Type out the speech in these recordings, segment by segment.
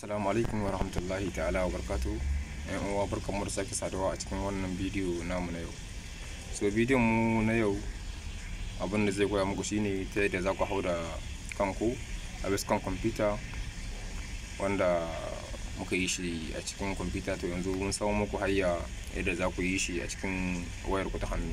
assalamu alaikum wa rahmatullahi ta'ala wa barkatu yan uwa mu da sake saduwa a cikin wannan bidiyo namu na yau so bidiyon mu na yau abin da zai koya muku shine ta yadda za ku hau da kanku a kan kwamfuta wanda muka yi shi a cikin kwamfuta to yanzu mun samu muku hayya yadda za ku yi shi a cikin wayar ku ta hannu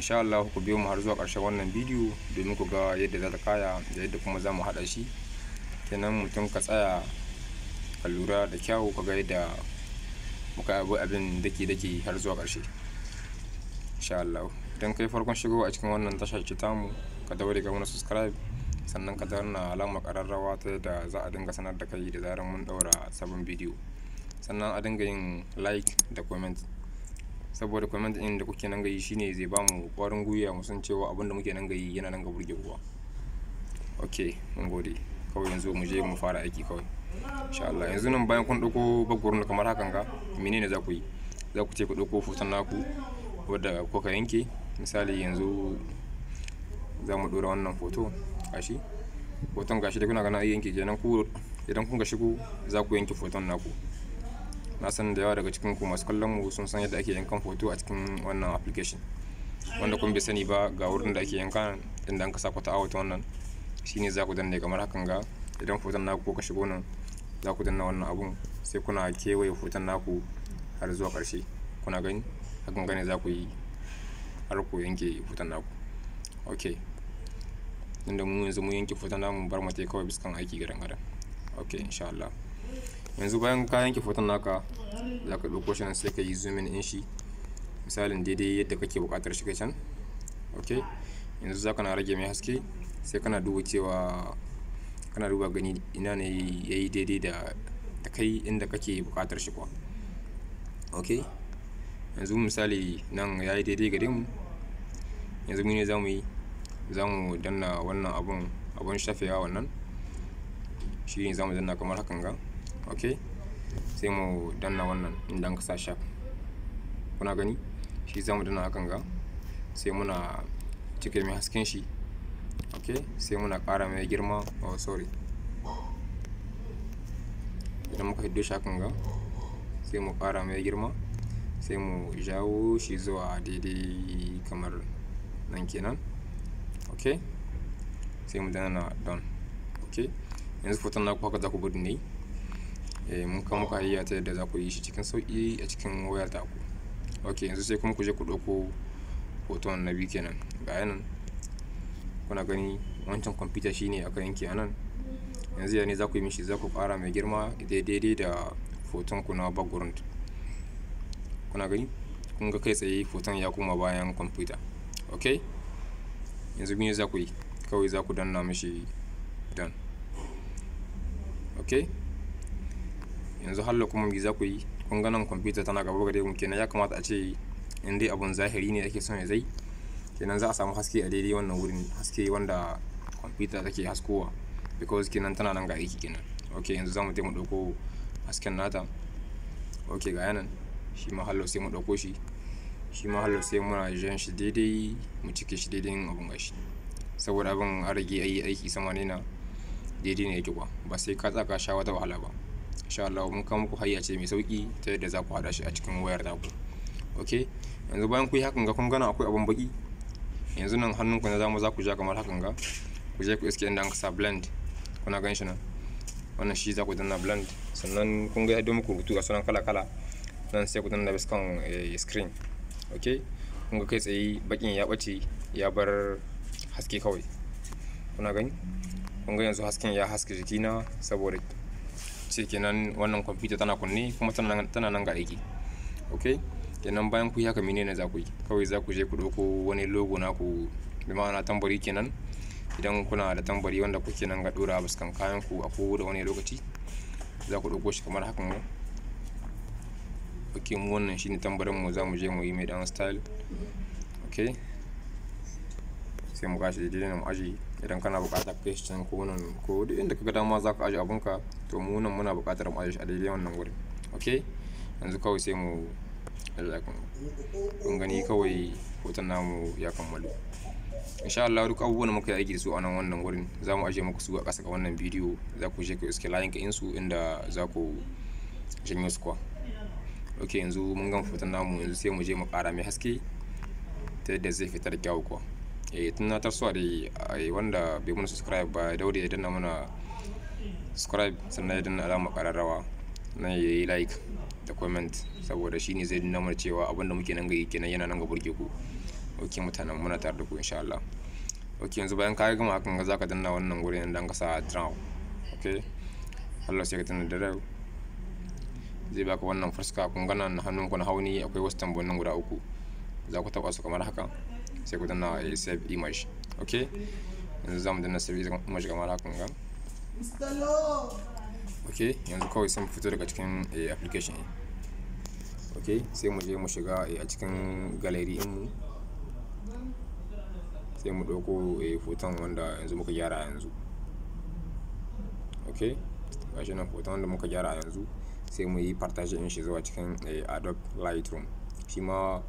insha Allah ku biyo mu har zuwa ƙarshen wannan bidiyo domin ku ga yadda za ta kaya da yadda kuma za mu haɗa shi kenan mutum ka tsaya allura da kyau ka ga yadda muka abu abin dake dake har zuwa ƙarshe insha Allah kai farkon shigo a cikin wannan tashar ce tamu ka daure daga wani subscribe sannan ka danna alamar ƙararrawa ta yadda za a dinga sanar da kai da zarar mun ɗaura sabon bidiyo sannan a dinga yin like da comment saboda comment ɗin da kuke nan gayi shine zai ba mu ƙwarin gwiwa mu san cewa abin da muke nan gayi yana nan ga burge kuwa ok mun gode kawai yanzu mu je mu fara aiki kawai insha Allah yanzu nan bayan kun dauko bagwaron kamar hakan ga menene za ku yi za ku ce ku dauko hoton naku wanda kuka yanke misali yanzu za mu dora wannan hoto gashi hoton gashi da kuna gana yanke kenan ku idan kun ga shigo za ku yanke hoton naku na san da yawa daga cikin ku masu kallon mu sun san yadda ake yankan hoto a cikin wannan application wanda kun bi sani ba ga wurin da ake yanka inda an kasa sa kwata a wannan shine za ku danne kamar hakan ga idan hoton naku ko ka shigo nan za ku danna wannan abun sai kuna kewaye hoton naku har zuwa ƙarshe kuna gani hakan gane za ku yi har ku yanke hoton naku ok inda mu yanzu mu yanke hoton namu bar mu kawai biskan aiki gadan gadan ok insha Allah yanzu bayan ka yanke hoton naka za ka ɗauko shi sai ka yi zoom in shi misalin daidai yadda kake buƙatar shi can ok yanzu za ka na rage mai haske sai kana duba cewa kana duba gani ina ne ya yi daidai da kai inda kake bukatar shi kuwa ok yanzu misali nan ya yi daidai gare mu yanzu mu ne za mu yi za mu danna wannan abun abun shafewa wannan shi ne za mu danna kamar hakan ga ok sai mu danna wannan inda an kasa shaf kuna gani shi za mu danna hakan ga sai muna cike mai hasken shi ok sai muna ƙara mai girma oh sorry idan muka hiddo shakan ga sai mu ƙara mai girma sai mu jawo shi zuwa daidai kamar nan kenan ok sai mu dana don ok yanzu foton na haka za ku gudu ne eh, mun kawo muka yi ta yadda za ku yi shi cikin sauƙi a cikin wayar ku ok yanzu sai kuma ku je ku ɗauko hoton na biyu kenan ga yanan kuna gani wancan kwamfuta shine aka yanke anan yanzu ya ne za ku yi mishi za ku fara mai girma daidai da foton ku na background kuna gani kun ga kai tsaye foton ya kuma bayan kwamfuta ok yanzu biyu za ku yi kawai za ku danna mishi dan ok yanzu halla kuma me za ku yi kun nan kwamfuta tana gaba gare mu kenan ya kamata a ce in dai abun zahiri ne ake son ya zai kenan za a samu haske a daidai wannan wurin haske wanda kwamfuta take haskowa because kenan tana nan ga aiki kenan ok yanzu za mu je mu ɗauko hasken nata ok ga yanan shi ma hallo sai mu ɗauko shi shi ma hallo sai muna jan shi daidai mu cike shi daidai abin gashi saboda abin a rage ayi aiki sama ne na daidai ne yake kuwa ba sai ka tsaka sha wata wahala ba insha Allah mun kawo muku hayyace ce mai sauki ta yadda za ku hada shi a cikin wayar taku ok yanzu bayan ku yi hakan ga kun gana akwai abin baki yanzu nan hannun ku na dama za ku ja kamar hakan ga ku je ku iske inda an kasa blend kuna gan shi nan wannan shi za ku danna blend sannan kun ga yadda muku rubutu ga sunan kala kala nan sai ku danna bisa kan eh, screen ok kun ga kai tsaye bakin ya bace ya bar haske kawai kuna gani kun ga yanzu hasken ya haske na saboda ce kenan wannan kwamfuta tana kunne kuma tana nan ga aiki ok kenan bayan ku yi haka menene za ku yi kawai za ku je ku ɗauko wani logo na ku bi ma'ana tambari kenan idan kuna da tambari wanda kuke nan ga ɗora a kayan ku a da wani lokaci za ku ɗauko shi kamar hakan ne ok mu wannan shine tambarin mu za mu je mu yi mai dan style ok sai mu gashi daidai na mu aji idan kana buƙatar kai shi can ko nan ko duk inda kaga dama za ka aji abunka to mu nan muna buƙatar mu aji shi a daidai wannan wurin ok yanzu kawai sai mu Allah kun gani kawai hoton namu ya kammalu insha Allah duk abubuwan muka yi aiki da su a nan wannan wurin za mu ajiye muku su a ƙasa ga wannan bidiyo za ku je ku iske layin ka insu inda za ku janyo su kuwa ok yanzu mun gama hoton namu yanzu sai mu je mu ƙara mai haske ta yadda zai fitar kyawu kuwa eh tun na tarsuwa da eh, wanda bai mun subscribe ba daure ya danna mana subscribe sannan ya danna alamar ƙararrawa na ya yi like da comment saboda shi ne zai nuna mana cewa abin da muke nan ga kenan yana nan ga burge ku ok mutanen muna tare da ku insha Allah ok yanzu bayan ka gama hakan ga zaka danna wannan gurin inda an kasa draw ok Allah sai ka tana da rau zai baka wannan fuska kun gana nan hannun ku na hauni akwai wasu nan guda uku za ku taba su kamar haka sai ku danna a eh, save image ok yanzu za mu danna save image kamar haka ga Mr. ok yanzu kawai sai mu fito daga cikin eh, application ɗin ok sai mu je mu shiga eh, a cikin gallery mu sai mu ɗauko eh, hoton wanda yanzu muka gyara yanzu ok gashi nan hoton wanda muka gyara yanzu sai mu yi partage din shi zuwa cikin adobe lightroom shi ma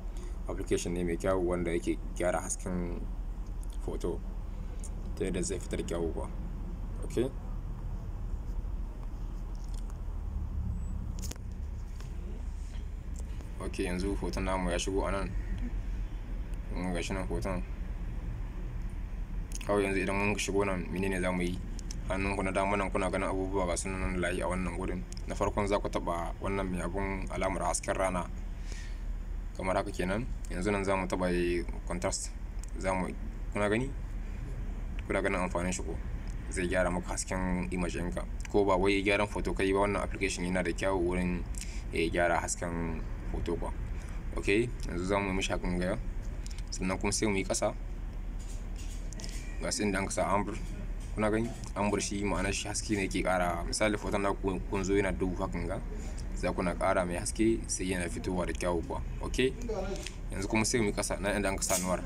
application ne mai kyawu wanda yake gyara hasken photo ta yadda zai fitar kyawu ba ok ke yanzu hoton namu ya shigo a nan ga shi nan hoton kawai yanzu idan mun shigo nan ne za mu yi hannunku na dama nan kuna ganin abubuwa ga sunan nan layi a wannan gurin na farkon za ku taɓa wannan mai abun alamar hasken rana kamar haka kenan yanzu nan za mu taɓa eh, contrast za mu kuna gani kuna ganin amfanin shi ko zai gyara maka hasken image ɗinka ko ba wai gyaran foto kai ba wannan application yana da kyawu wurin eh, gyara hasken hoto ba ok yanzu za mu mishi hakan gaya sannan kuma sai mu yi ƙasa ga su inda an kasa ambur kuna gani ambur shi ma'ana shi haske ne ke ƙara misali foton na kun zo yana dubu hakan ga za kuna ƙara mai haske sai yana fitowa da kyawu ba ok yanzu kuma sai mu yi ƙasa na inda an kasa nuwar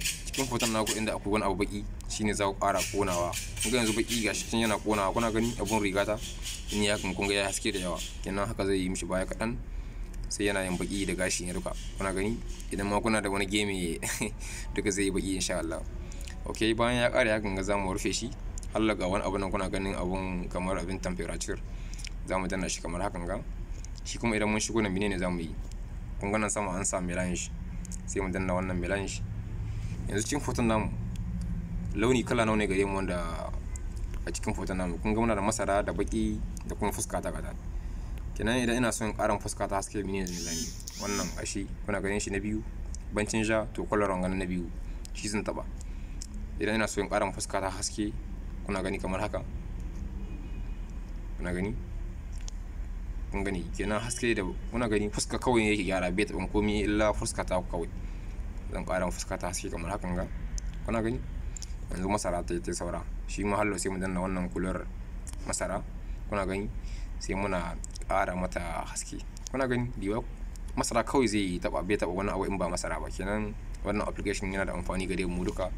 cikin foton naku inda akwai wani abu baki shine za ku ƙara konawa kun ga yanzu baki ga shi yana konawa kuna gani abun rigata in ya kan kun ga ya haske da yawa kenan haka zai yi mishi baya kaɗan sai yana yin baki da gashi ne duka kuna gani idan ma kuna da wani game duka zai yi baki insha Allah ok bayan ya kare ya ganga za mu rufe shi Allah ga wani abu nan kuna ganin abun kamar abin temperature za mu danna shi kamar hakan ga shi kuma idan mun shigo nan menene za mu yi kun ga nan sama an sa melange sai mu danna wannan melange yanzu cikin hoton namu launi kala nawa ne gare mu wanda a cikin hoton namu kun ga muna da masara da baki da kuma fuska ta kata kenan idan ina son karin fuska ta haske mini ne zan yi wannan gashi kuna ganin shi na biyu bancin ja to kwalaron ganin na biyu shi zan taba idan ina so in karin fuska ta haske kuna gani kamar haka kuna gani kun gani kenan haske da kuna gani fuska kawai yake gyara bai taɓa komi illa fuska ta kawai zan karin fuska ta haske kamar hakan ga kuna gani yanzu masara ta ta saura shi mahallo sai mu danna wannan kular masara kuna gani sai muna ƙara mata haske kuna gani diwa masara kawai zai taba bai taba wani abu in ba masara ba kenan wannan application yana da amfani ga mu duka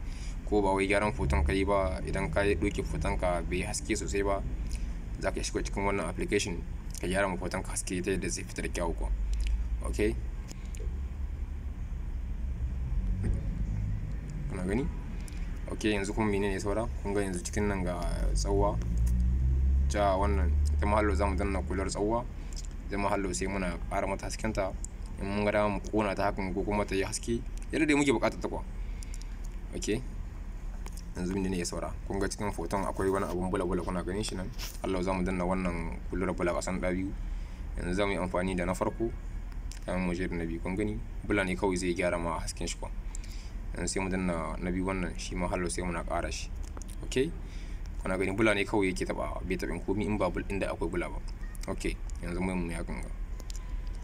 ko ba wai gyaran foton ka yi ba idan ka yi doki foton ka bai haske sosai ba za ka shigo cikin wannan application ka gyara ma foton ka haske ta yadda zai fitar kyau ko okay kuna gani okay yanzu kuma menene saura kun ga yanzu cikin nan ga tsawa ja wannan ita ma za zamu danna kular tsawwa ita ma sai muna ƙara mata ta in mun ga dama mu kona ta hakan ko kuma ta yi haske yadda dai muke bukatar ta kwa okay yanzu ne ya saura kun cikin foton akwai wani abun bula bula kuna ganin shi nan Allah za mu danna wannan kular bula kasan da yanzu za mu yi amfani da na farko kayan mu da na biyu kun gani bula ne kawai zai gyara ma hasken shi kwa yanzu sai mu danna na biyu wannan shi ma hallo sai muna kara shi okay kuna gani bula ne kawai yake taba bai taɓin komi in ba inda akwai bula ba ok yanzu mun ya ganga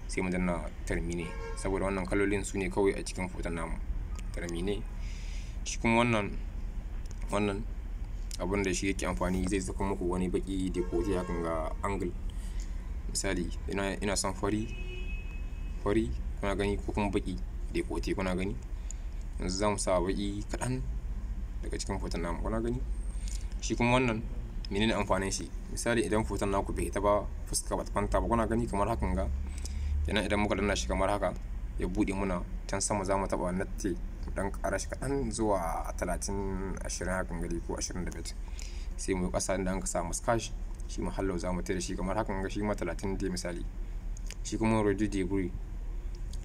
sai mu danna termine saboda wannan kalolin su ne kawai a cikin foton namu termine shi kuma wannan wannan abun da shi yake amfani zai saka muku wani baki da koji ya ga angle misali ina ina son fari fari kuna gani ko kuma baki da kote kuna gani yanzu za mu sa baki kaɗan daga cikin foton namu kuna gani shi kuma wannan menene amfanin shi misali idan foton naku bai ita ba fuska bata kwanta ba kuna gani kamar hakan ga kenan idan muka danna shi kamar haka ya buɗe muna can sama za mu taɓa natte dan ƙara shi kaɗan zuwa talatin ashirin hakan gari ko ashirin da bet sai mu ƙasa inda an ka samu shi ma hallo za mu tare shi kamar hakan ga shi ma talatin dai misali shi kuma rodi degree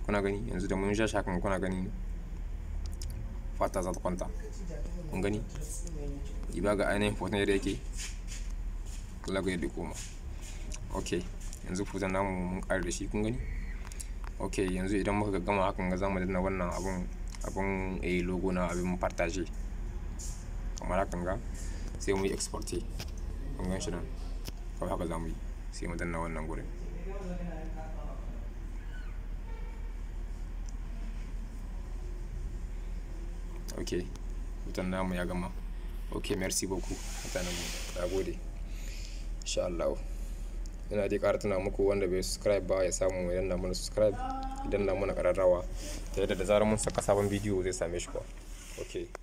kuna gani yanzu da mun sha hakan kuna gani fata za ta kwanta kun gani diba ga ainihin hoton yadda yake lagu yadda koma ok yanzu hoton namu mun kari da shi kun gani ok yanzu idan muka gama hakan ga zamu danna wannan abun abun a eh, logo na abin partage kamar hakan ga sai mu yi export kun gan shi nan kawai haka zamu yi sai mu danna wannan gurin ok hoton namu ya gama ok merci beaucoup mutanen mu na gode insha Allah ina dai ƙara tuna muku wanda bai subscribe ba ya samu idan na mana subscribe idan na mana ƙararrawa ta yadda da zarar mun saka sabon bidiyo zai same shi kuwa ok